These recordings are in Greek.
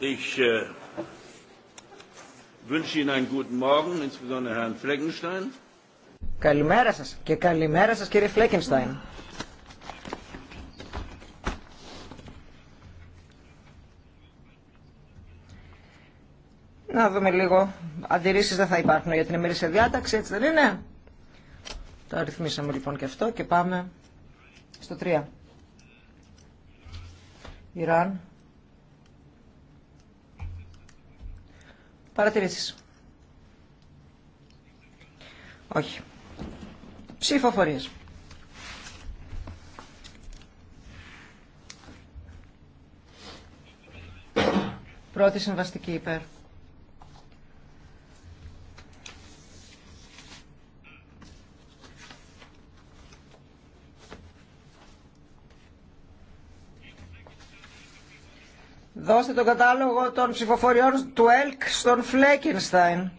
Ich äh, wünsche Ihnen einen guten Morgen, insbesondere Herrn Fleckenstein. Καλημέρα σας και καλημέρα σας κύριε Φλέκενστάιν. Να δούμε λίγο. Αντιρρήσεις δεν θα υπάρχουν για την ημερήσια διάταξη, έτσι δεν είναι. Το αριθμίσαμε λοιπόν και αυτό και πάμε στο 3. Ιράν. Παρατηρήσεις. Όχι. Ψηφοφορίες. Πρώτη συμβαστική υπέρ. δώστε τον κατάλογο των ψηφοφοριών του ΕΛΚ στον Φλέκενστάιν.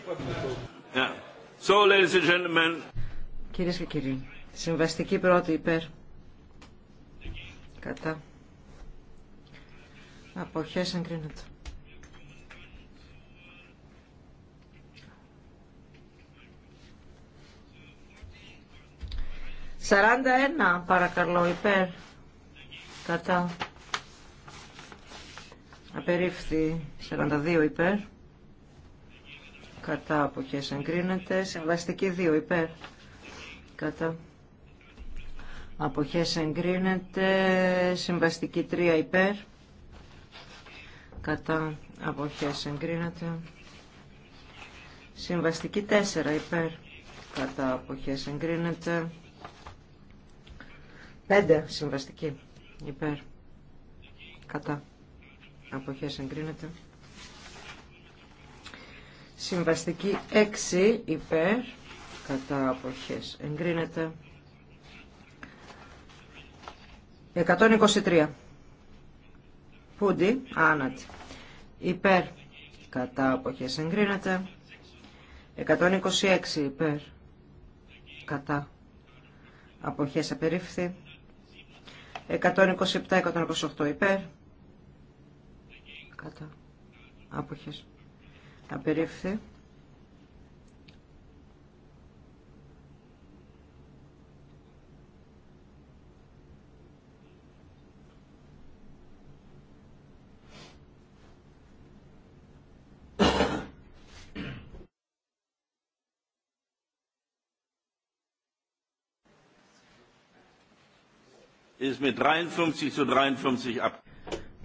Κυρίε So, ladies and gentlemen. Κυρίες και κύριοι, συμβαστική πρώτη υπέρ. Κατά. Αποχές εγκρίνεται. 41 παρακαλώ υπέρ κατά απερίφθη 42 υπέρ κατά και εγκρίνεται συμβαστική 2 υπέρ κατά αποχές εγκρίνεται συμβαστική 3 υπέρ κατά αποχές εγκρίνεται συμβαστική 4 υπέρ κατά αποχές εγκρίνεται 5 συμβαστική υπέρ κατά αποχές εγκρίνεται συμβαστική 6 υπέρ κατά αποχές εγκρίνεται 123 Πούντι, άνατη. Υπέρ, κατά αποχές εγκρίνεται. 126 υπέρ, κατά αποχές απερίφθη. 127-128 υπέρ. Κατά. Άποχες. Απερίφθη. ist 53 53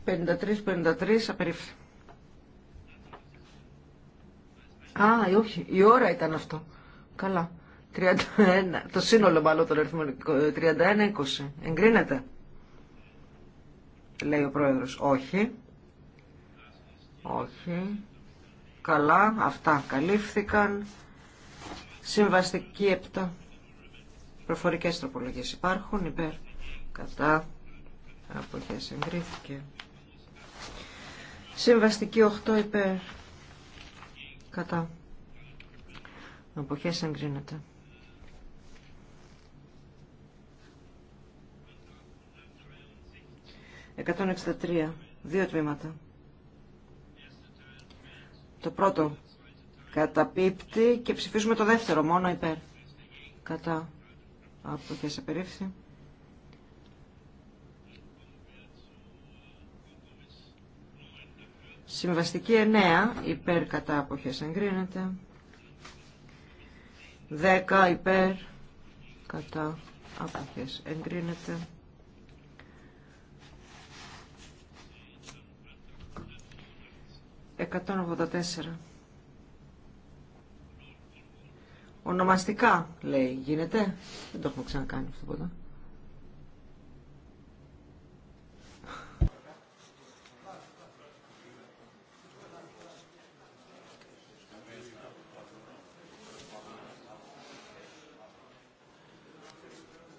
53-53 απερίφθη. Α, όχι, η ώρα ήταν αυτό. Καλά. 31, το σύνολο μάλλον των αριθμών 31-20. Εγκρίνεται. Λέει ο πρόεδρος. Όχι. Όχι. Καλά, αυτά καλύφθηκαν. Συμβαστική 7. Προφορικές τροπολογίες υπάρχουν. Υπέρ κατά αποχές εγκρίθηκε συμβαστική 8 υπέρ κατά αποχές εγκρίνεται 163. δύο τμήματα. Το πρώτο καταπίπτει και ψηφίζουμε το δεύτερο μόνο υπέρ. Κατά. Από και σε Συμβαστική 9 υπέρ κατά αποχές εγκρίνεται. 10 υπέρ κατά αποχές εγκρίνεται. 184. Ονομαστικά, λέει, γίνεται. Δεν το έχουμε ξανακάνει αυτό ποτέ.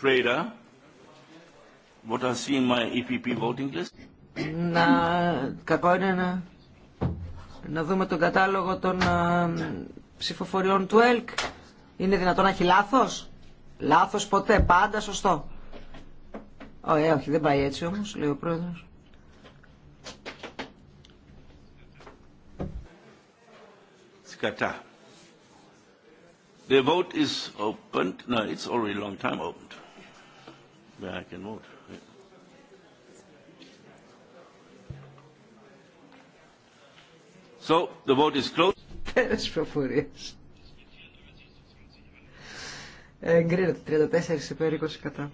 Preda, what I see in my EPP voting list. Να, κακό είναι να, να δούμε τον κατάλογο των α, ψηφοφοριών του ΕΛΚ. Είναι δυνατόν να έχει λάθος. Λάθος ποτέ, πάντα σωστό. Ω, ε, όχι, δεν πάει έτσι όμως, λέει ο πρόεδρος. Σκατά. The vote is opened. No, it's already long time opened back and vote. So, the vote is closed. Εγκρίνεται 34 υπέρ 20 κατά.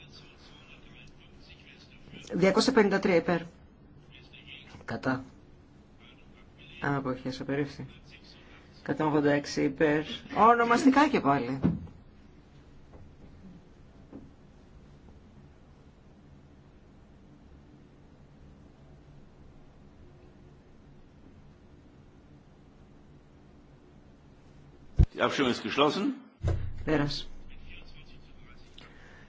253 υπέρ. Κατά. Αποχές απερίφθη. 186 υπέρ. Ονομαστικά και πάλι. Abstimmung ist geschlossen. Πέρας.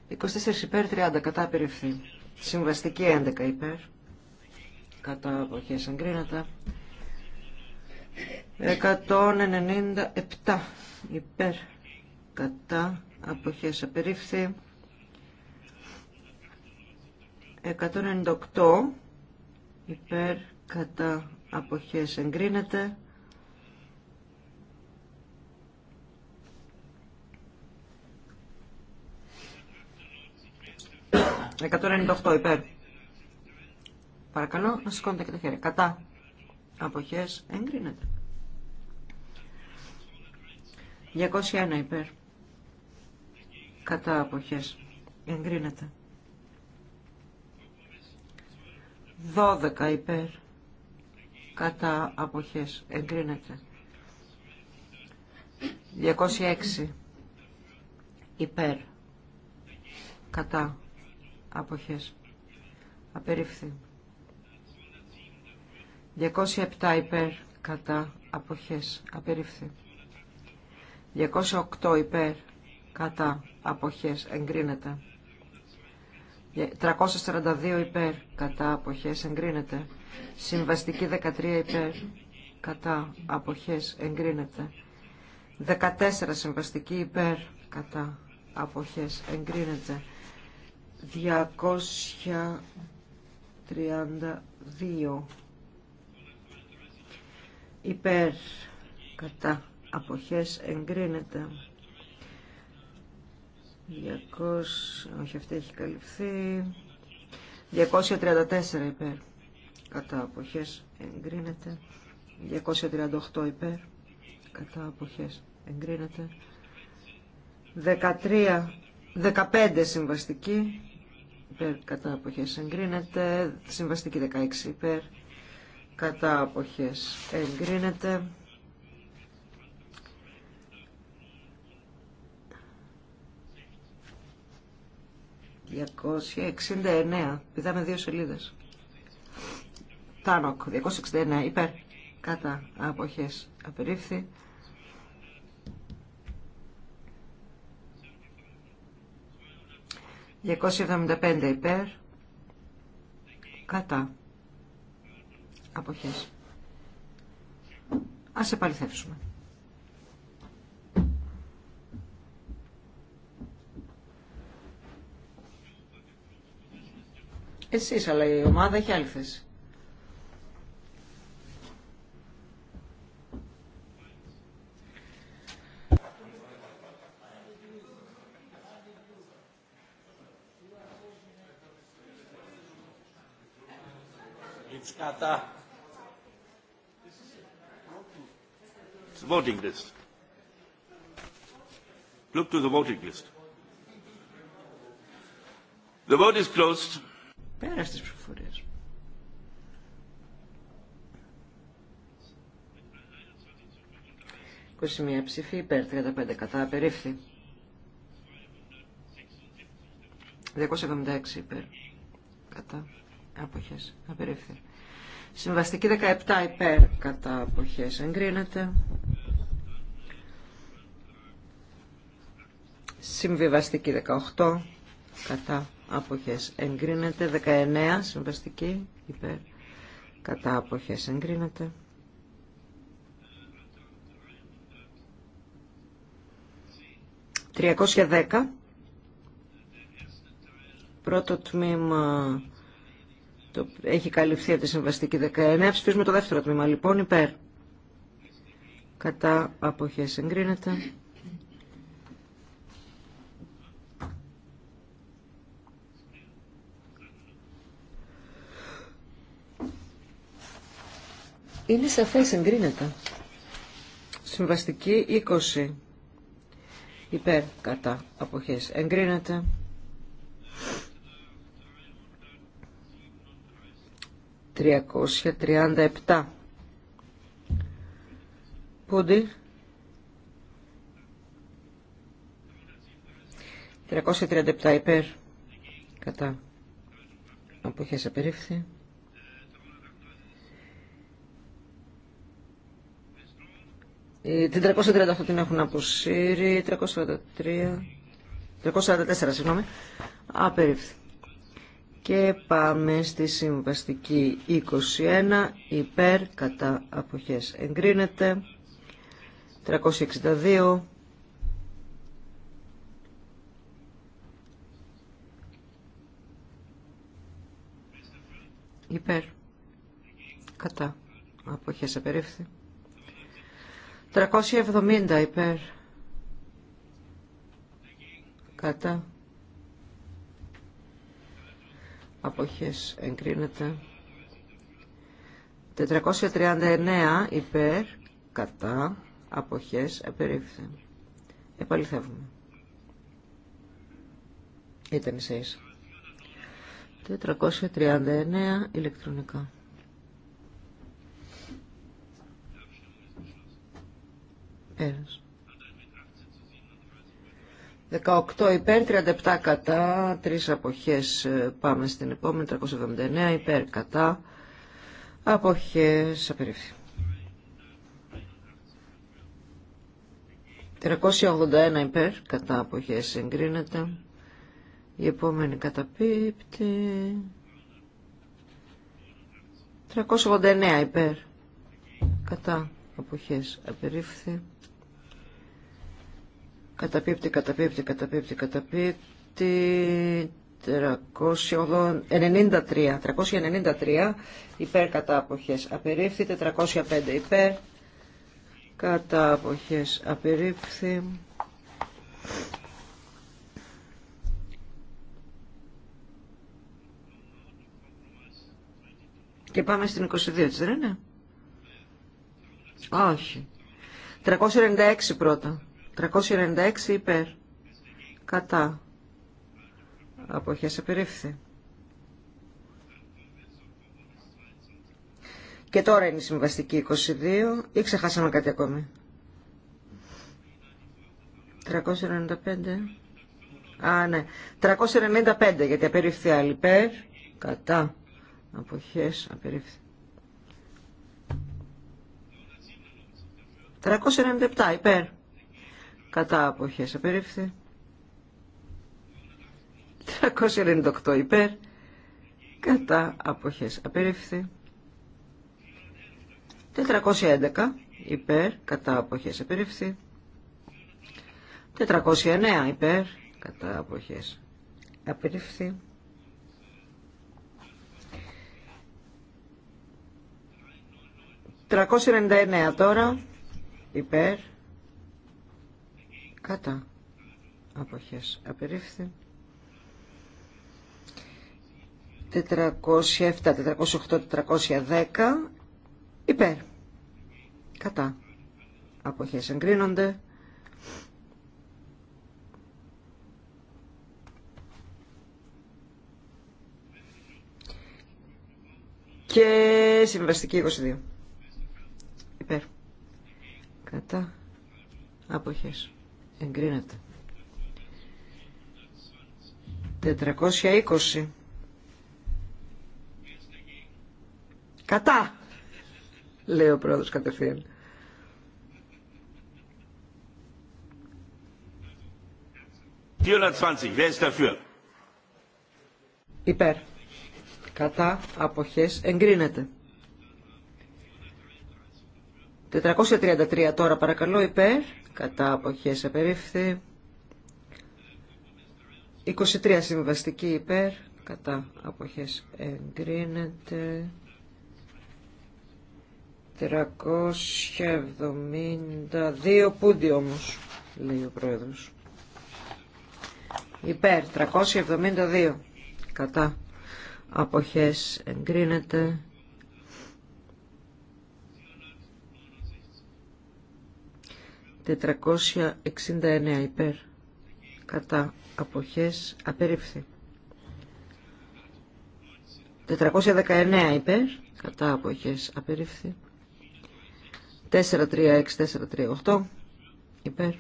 24 υπέρ, 30 κατά απεριφθεί. Συμβαστική 11 υπέρ. Κατά αποχές εγκρίνατα. 197 υπέρ. Κατά αποχές απερίφθη. 198 υπέρ κατά αποχές εγκρίνεται. 198 υπέρ. Παρακαλώ να σηκώνετε και τα χέρια. Κατά. Αποχές εγκρίνεται. 201 υπέρ. Κατά αποχές εγκρίνεται. 12 υπέρ. Κατά αποχές εγκρίνεται. 206 υπέρ. Κατά αποχές απερίφθη 207 υπέρ κατά αποχές απερίφθη 208 υπέρ κατά αποχές εγκρίνεται 342 υπέρ κατά αποχές εγκρίνεται συμβαστική 13 υπέρ κατά αποχές εγκρίνεται 14 συμβαστική υπέρ κατά αποχές εγκρίνεται 232 υπέρ κατά αποχές εγκρίνεται 200 όχι αυτή έχει καλυφθεί 234 υπέρ κατά αποχές εγκρίνεται 238 υπέρ κατά αποχές εγκρίνεται 13 15 συμβαστική υπέρ κατά αποχές εγκρίνεται. Συμβαστική 16 υπέρ κατά αποχές εγκρίνεται. ...269. Πηδάμε δύο σελίδες. Τάνοκ. 269. Υπέρ. Κατά. Αποχές. Απερίφθη. 275 υπέρ. Κατά. Αποχές. Ας επαληθεύσουμε. Εσείς, αλλά η ομάδα έχει άλλη θέση. da. It's voting list. Look to the voting list. The vote is closed. Πέρα στις ψηφοφορίες. μία ψηφί υπέρ 35 κατά απερίφθη. 276 υπέρ κατά αποχές απερίφθη. Συμβαστική 17 υπέρ κατά αποχές εγκρίνεται. Συμβιβαστική 18 κατά αποχές εγκρίνεται. 19 συμβαστική υπέρ κατά αποχές εγκρίνεται. 310 Πρώτο τμήμα το έχει καλυφθεί από τη συμβαστική 19. Ψηφίζουμε το δεύτερο τμήμα λοιπόν υπέρ. Κατά απόχέ εγκρίνεται. Είναι σαφές εγκρίνεται. Συμβαστική 20. Υπέρ κατά αποχές εγκρίνεται. 337. Πούντι. 337 υπέρ. Κατά. Αποχές απερίφθη. 338 ε, την έχουν αποσύρει. 343. 344, συγγνώμη. Απερίφθη. Και πάμε στη συμβαστική 21, υπέρ κατά αποχές εγκρίνεται, 362, υπέρ κατά αποχές απερίφθη, 370 υπέρ κατά αποχές εγκρίνεται 439 υπέρ κατά αποχές απερίφθη επαληθεύουμε ήταν εσείς 439 ηλεκτρονικά Ένας. 18 υπέρ, 37 κατά, 3 αποχές ε, πάμε στην επόμενη, 379 υπέρ, κατά, αποχές απερίφθη. 381 υπέρ, κατά αποχές εγκρίνεται. Η επόμενη καταπίπτει. 389 υπέρ, κατά αποχές απερίφθη. Καταπίπτει, καταπίπτει, καταπίπτει, καταπίπτει. 393, 393 υπέρ κατά αποχές απερίφθη, 405 υπέρ κατά αποχές απερίφθη. Και πάμε στην 22, έτσι δεν είναι. Όχι. 396 πρώτα. 396 υπέρ. Κατά. Αποχές απερίφθη. Και τώρα είναι η συμβαστική 22 ή ξεχάσαμε κάτι ακόμη. 395. Α, ναι. 395 γιατί απερίφθη άλλη υπέρ. Κατά. Αποχές απερίφθη. 397 υπέρ κατά αποχές απερίφθη 398 υπέρ κατά αποχές απερίφθη 411 υπέρ κατά αποχές απερίφθη 409 υπέρ κατά αποχές απερίφθη 399 τώρα υπέρ κατά αποχές απερίφθη 407, 408, 410 υπέρ κατά αποχές εγκρίνονται και συμβαστική 22 υπέρ κατά αποχές Εγκρίνεται. 420. Κατά, λέει ο πρόεδρος κατευθείαν. Υπέρ. Κατά αποχές εγκρίνεται. 433 τώρα παρακαλώ υπέρ. Κατά αποχές απερίφθη. 23 συμβαστική υπέρ. Κατά αποχές εγκρίνεται. 372 πούντι όμως λέει ο πρόεδρος. Υπέρ 372 κατά αποχές εγκρίνεται. 469 υπέρ κατά αποχές απερίφθη 419 υπέρ κατά αποχές απερίφθη 436-438 υπέρ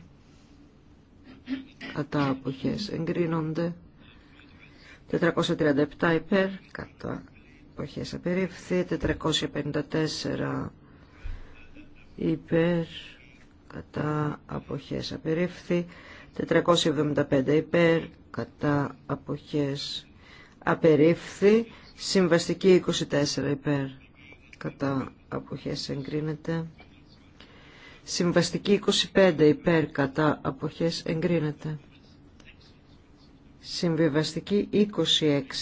κατά αποχές εγκρίνονται 437 υπέρ κατά αποχές απερίφθη 454 υπέρ κατά αποχές απερίφθη 475 υπέρ κατά αποχές απερίφθη συμβαστική 24 υπέρ κατά αποχές εγκρίνεται συμβαστική 25 υπέρ κατά αποχές εγκρίνεται συμβιβαστική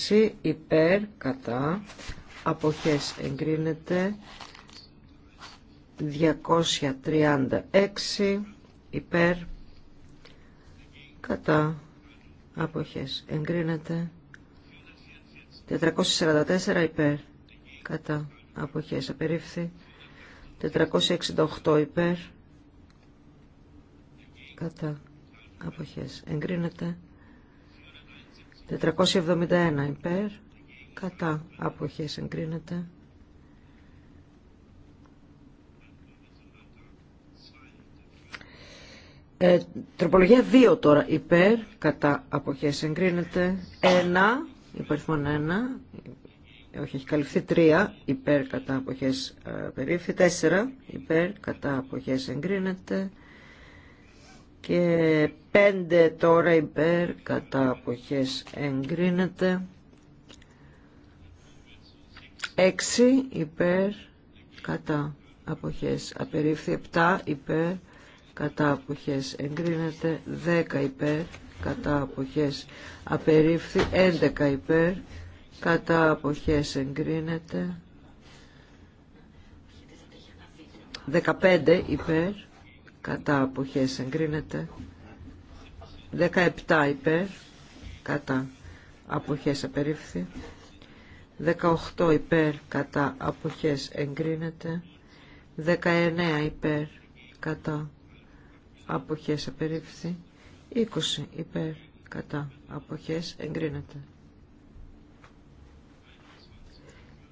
26 υπέρ κατά αποχές εγκρίνεται 236 υπέρ κατά αποχές εγκρίνεται 444 υπέρ κατά αποχές απερίφθη 468 υπέρ κατά αποχές εγκρίνεται 471 υπέρ κατά αποχές εγκρίνεται Ε, τροπολογία 2 τώρα υπέρ, κατά αποχές εγκρίνεται 1, υπαριθμόν 1, ε, όχι έχει καλυφθεί 3, υπέρ κατά αποχές 4, ε, υπέρ κατά αποχές εγκρίνεται και 5 τώρα υπέρ κατά αποχές εγκρίνεται 6 υπέρ κατά αποχές απερίφθη 7 υπέρ κατά αποχές εγκρίνεται 10 υπέρ κατά αποχές απερίφθη 11 υπέρ κατά αποχές εγκρίνεται 15 υπέρ κατά αποχές εγκρίνεται 17 υπέρ κατά αποχές απερίφθη 18 υπέρ κατά αποχές εγκρίνεται 19 υπέρ κατά αποχές απερίφθη 20 υπέρ κατά αποχές εγκρίνεται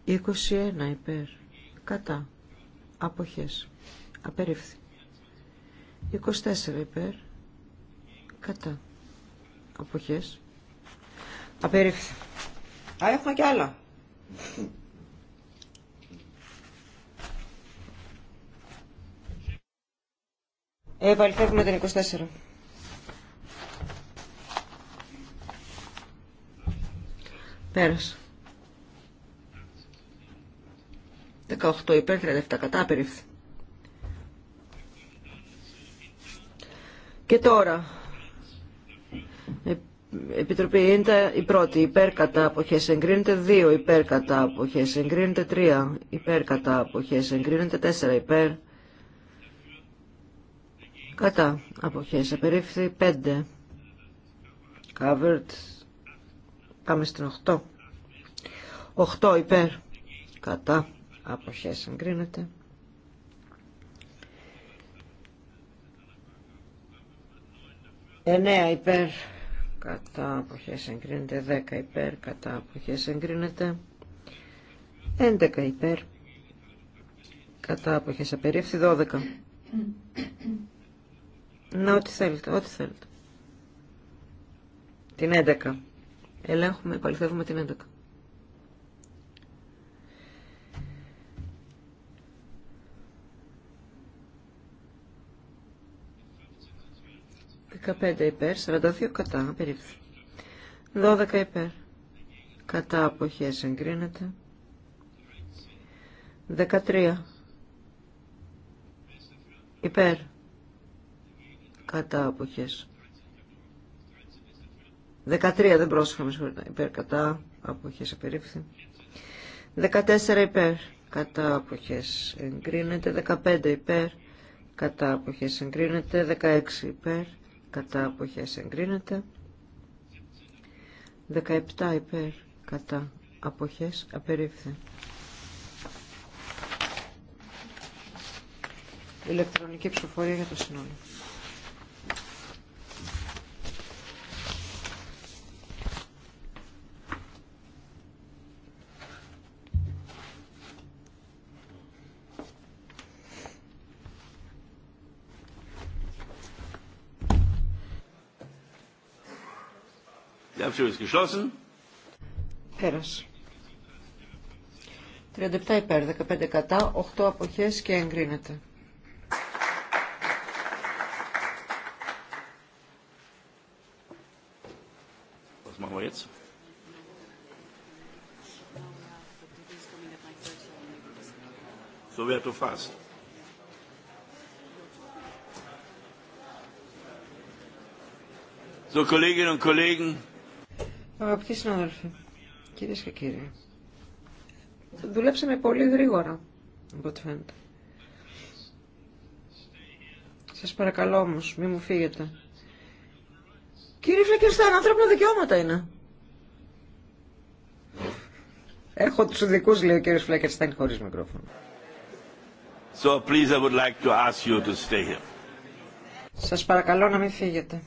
21 υπέρ κατά αποχές απερίφθη 24 υπέρ κατά αποχές απερίφθη Α, έχουμε κι άλλα Επαληθεύουμε την 24. Πέρασε. 18 υπέρ, 37 κατά, περίφθη. Και τώρα, Επιτροπή είναι η πρώτη, υπέρ κατά αποχές εγκρίνεται, δύο υπέρ κατά αποχές εγκρίνεται, τρία υπέρ κατά αποχές εγκρίνεται, τέσσερα υπέρ Κατά αποχές απερίφθη 5. Covered. Πάμε στην 8. 8 υπέρ. Κατά αποχές εγκρίνεται. Εννέα υπέρ κατά αποχές εγκρίνεται 10 υπέρ κατά αποχές εγκρίνεται 11 υπέρ κατά αποχές απερίφθη 12 να, ό,τι θέλετε, ό,τι θέλετε. Την 11. Ελέγχουμε, επαληθεύουμε την 11. 15 υπέρ, 42 κατά, περίπου. 12 υπέρ. Κατά αποχές εγκρίνεται. 13. Υπέρ κατά αποχές. 13 δεν πρόσεχα Υπέρ κατά αποχές απερίφθη. 14 υπέρ κατά αποχές εγκρίνεται. 15 υπέρ κατά αποχές εγκρίνεται. 16 υπέρ κατά αποχές εγκρίνεται. 17 υπέρ κατά αποχές απερίφθη. Ηλεκτρονική ψηφοφορία για το συνόλο. Πέρας. 37 υπέρ, 15 κατά, 8 αποχές και εγκρίνεται. Was machen wir jetzt? So wäre du fast. So, Kolleginnen und Kollegen, Αγαπητοί συνάδελφοι, κυρίες και κύριοι, δουλέψαμε πολύ γρήγορα, από ό,τι φαίνεται. Σας παρακαλώ όμως, μη μου φύγετε. Κύριε Φλεκερστάν, ανθρώπινα δικαιώματα είναι. Έχω τους δικούς, λέει ο κύριος Φλεκερστάν, χωρίς μικρόφωνο. So please I would like to ask you to stay here. Σας παρακαλώ να μην φύγετε.